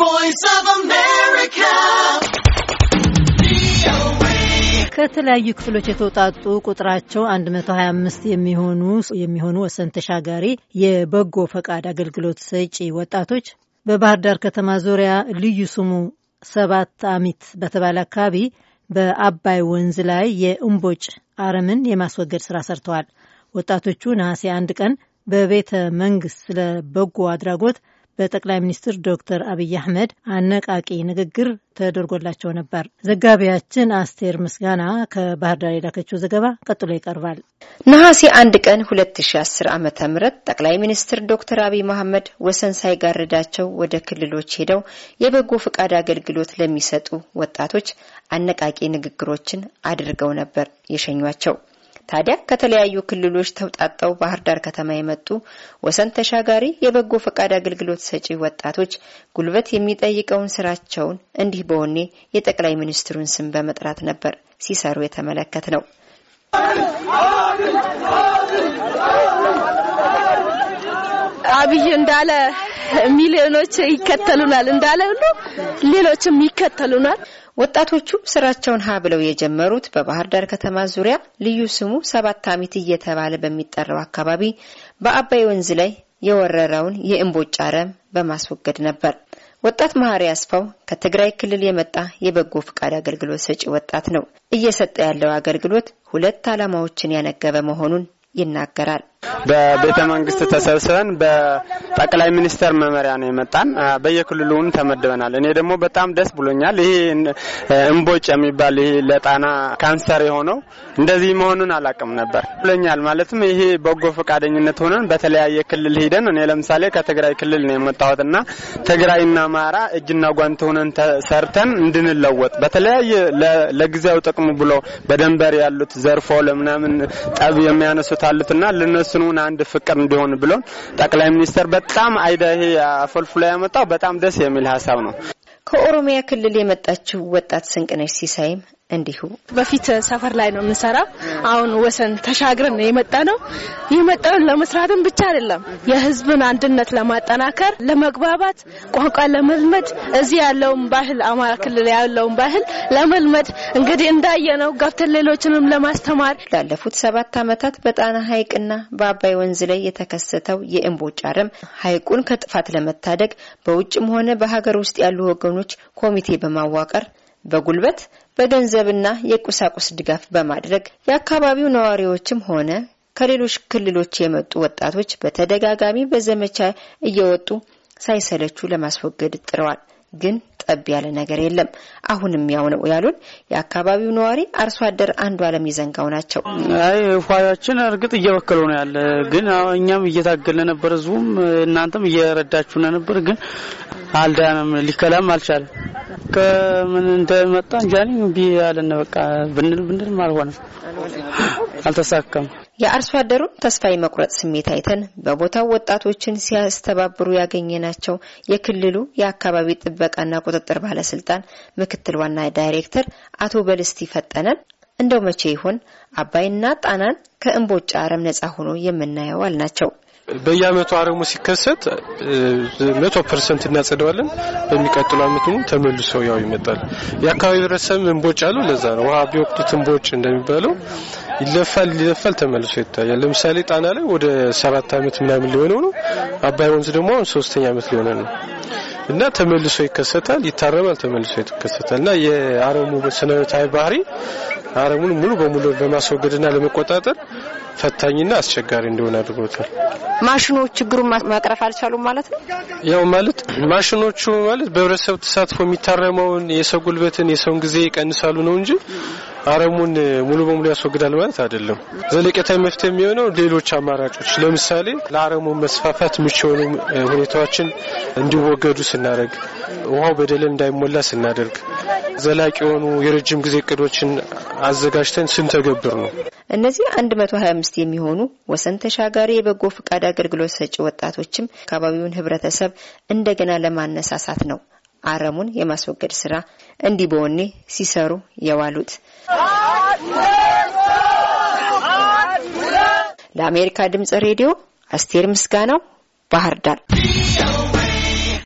voice of America. ከተለያዩ ክፍሎች የተውጣጡ ቁጥራቸው 125 የሚሆኑ የሚሆኑ ወሰን ተሻጋሪ የበጎ ፈቃድ አገልግሎት ሰጪ ወጣቶች በባህር ዳር ከተማ ዙሪያ ልዩ ስሙ ሰባት አሚት በተባለ አካባቢ በአባይ ወንዝ ላይ የእምቦጭ አረምን የማስወገድ ስራ ሰርተዋል። ወጣቶቹ ነሐሴ አንድ ቀን በቤተ መንግስት ስለ በጎ አድራጎት በጠቅላይ ሚኒስትር ዶክተር አብይ አህመድ አነቃቂ ንግግር ተደርጎላቸው ነበር። ዘጋቢያችን አስቴር ምስጋና ከባህር ዳር የላከችው ዘገባ ቀጥሎ ይቀርባል። ነሐሴ አንድ ቀን 2010 ዓ ም ጠቅላይ ሚኒስትር ዶክተር አብይ መሐመድ ወሰን ሳይጋርዳቸው ወደ ክልሎች ሄደው የበጎ ፈቃድ አገልግሎት ለሚሰጡ ወጣቶች አነቃቂ ንግግሮችን አድርገው ነበር የሸኟቸው። ታዲያ ከተለያዩ ክልሎች ተውጣጠው ባህር ዳር ከተማ የመጡ ወሰን ተሻጋሪ የበጎ ፈቃድ አገልግሎት ሰጪ ወጣቶች ጉልበት የሚጠይቀውን ስራቸውን እንዲህ በወኔ የጠቅላይ ሚኒስትሩን ስም በመጥራት ነበር ሲሰሩ የተመለከት ነው። አብይ እንዳለ ሚሊዮኖች ይከተሉናል እንዳለ ሁሉ ሌሎችም ይከተሉናል። ወጣቶቹ ስራቸውን ሀ ብለው የጀመሩት በባህር ዳር ከተማ ዙሪያ ልዩ ስሙ ሰባት አሚት እየተባለ በሚጠራው አካባቢ በአባይ ወንዝ ላይ የወረረውን የእምቦጭ አረም በማስወገድ ነበር። ወጣት መሀሪ አስፋው ከትግራይ ክልል የመጣ የበጎ ፈቃድ አገልግሎት ሰጪ ወጣት ነው። እየሰጠ ያለው አገልግሎት ሁለት ዓላማዎችን ያነገበ መሆኑን ይናገራል። በቤተ መንግስት ተሰብስበን በጠቅላይ ሚኒስተር መመሪያ ነው የመጣን። በየክልሉን ተመድበናል። እኔ ደግሞ በጣም ደስ ብሎኛል። ይሄ እምቦጭ የሚባል ይሄ ለጣና ካንሰር የሆነው እንደዚህ መሆኑን አላቅም ነበር ብሎኛል። ማለትም ይሄ በጎ ፈቃደኝነት ሆነን በተለያየ ክልል ሂደን እኔ ለምሳሌ ከትግራይ ክልል ነው የመጣሁትና ትግራይና አማራ እጅና ጓንት ሆነን ሰርተን እንድንለወጥ በተለያየ ለጊዜያዊ ጥቅሙ ብሎ በደንበር ያሉት ዘርፎ ለምናምን ጠብ የሚያነሱት አሉትና ለነሱ ስኑን አንድ ፍቅር እንዲሆን ብሎን ጠቅላይ ሚኒስትር በጣም አይዳ ይሄ አፈልፍሎ ያመጣው በጣም ደስ የሚል ሀሳብ ነው። ከኦሮሚያ ክልል የመጣችው ወጣት ስንቅነሽ ሲሳይም እንዲሁ በፊት ሰፈር ላይ ነው የምንሰራው። አሁን ወሰን ተሻግረን ነው የመጣ ነው የመጣውን ለመስራትም ብቻ አይደለም የህዝብን አንድነት ለማጠናከር፣ ለመግባባት፣ ቋንቋ ለመልመድ እዚህ ያለውን ባህል አማራ ክልል ያለውን ባህል ለመልመድ እንግዲህ ነው ገብተን ሌሎችንም ለማስተማር ላለፉት ሰባት ዓመታት በጣና ሐይቅና በአባይ ወንዝ ላይ የተከሰተው የእምቦጭ አረም ሐይቁን ከጥፋት ለመታደግ በውጭም ሆነ በሀገር ውስጥ ያሉ ወገኖች ኮሚቴ በማዋቀር በጉልበት በገንዘብና የቁሳቁስ ድጋፍ በማድረግ የአካባቢው ነዋሪዎችም ሆነ ከሌሎች ክልሎች የመጡ ወጣቶች በተደጋጋሚ በዘመቻ እየወጡ ሳይሰለቹ ለማስወገድ ጥረዋል። ግን ጠብ ያለ ነገር የለም። አሁንም ያው ነው ያሉን የአካባቢው ነዋሪ አርሶ አደር አንዱ አለም ይዘንጋው ናቸው። አይ ኋያችን እርግጥ እየበከለው ነው ያለ፣ ግን እኛም እየታገልን ነበር። ህዝቡም እናንተም እየረዳችሁ ነበር፣ ግን አልዳንም፣ ሊከላም አልቻለም። ከምን እንደመጣ እንጃ ቢ አለን። በቃ ብንል ብንል አልሆነም፣ አልተሳካም። የአርሶ አደሩን ተስፋ የመቁረጥ ስሜት አይተን በቦታው ወጣቶችን ሲያስተባብሩ ያገኘናቸው የክልሉ የአካባቢ ጥበቃና ቁጥጥር ባለስልጣን ምክትል ዋና ዳይሬክተር አቶ በልስቲ ፈጠነን እንደው መቼ ይሆን አባይና ጣናን ከእንቦጭ አረም ነጻ ሆኖ የምናየው አልናቸው። በየአመቱ አረሙ ሲከሰት መቶ ፐርሰንት እናጸደዋለን። በሚቀጥለው አመት ተመልሶ ያው ይመጣል። የአካባቢ ህብረተሰብ እንቦጭ አሉ። ለዛ ነው ውሃ ቢወቅቱት እንቦጭ እንደሚባለው ይለፋል ይለፋል፣ ተመልሶ ይታያል። ለምሳሌ ጣና ላይ ወደ ሰባት አመት ምናምን ሊሆነው ነው። አባይ ወንዝ ደግሞ አሁን ሶስተኛ አመት ሊሆነ ነው እና ተመልሶ ይከሰታል፣ ይታረማል፣ ተመልሶ ይከሰታል። እና የአረሙ ስነ ባህሪ አረሙን ሙሉ በሙሉ ለማስወገድና ለመቆጣጠር ፈታኝና አስቸጋሪ እንዲሆን አድርጎታል። ማሽኖች ችግሩን መቅረፍ አልቻሉም ማለት ነው። ያው ማለት ማሽኖቹ ማለት በህብረተሰብ ተሳትፎ የሚታረመውን የሰው ጉልበትን የሰውን ጊዜ ይቀንሳሉ ነው እንጂ አረሙን ሙሉ በሙሉ ያስወግዳል ማለት አይደለም። ዘለቄታዊ መፍትሄ የሚሆነው ሌሎች አማራጮች ለምሳሌ ለአረሙ መስፋፋት ምቹ የሆኑ ሁኔታዎችን እንዲወገዱ ስናደርግ፣ ውሃው በደለል እንዳይሞላ ስናደርግ፣ ዘላቂ የሆኑ የረጅም ጊዜ እቅዶችን አዘጋጅተን ስንተገብር ነው። እነዚህ 125 የሚሆኑ ወሰን ተሻጋሪ የበጎ ፈቃድ አገልግሎት ሰጪ ወጣቶችም አካባቢውን ህብረተሰብ እንደገና ለማነሳሳት ነው አረሙን የማስወገድ ስራ እንዲህ በወኔ ሲሰሩ የዋሉት። ለአሜሪካ ድምጽ ሬዲዮ አስቴር ምስጋናው ባህር ዳር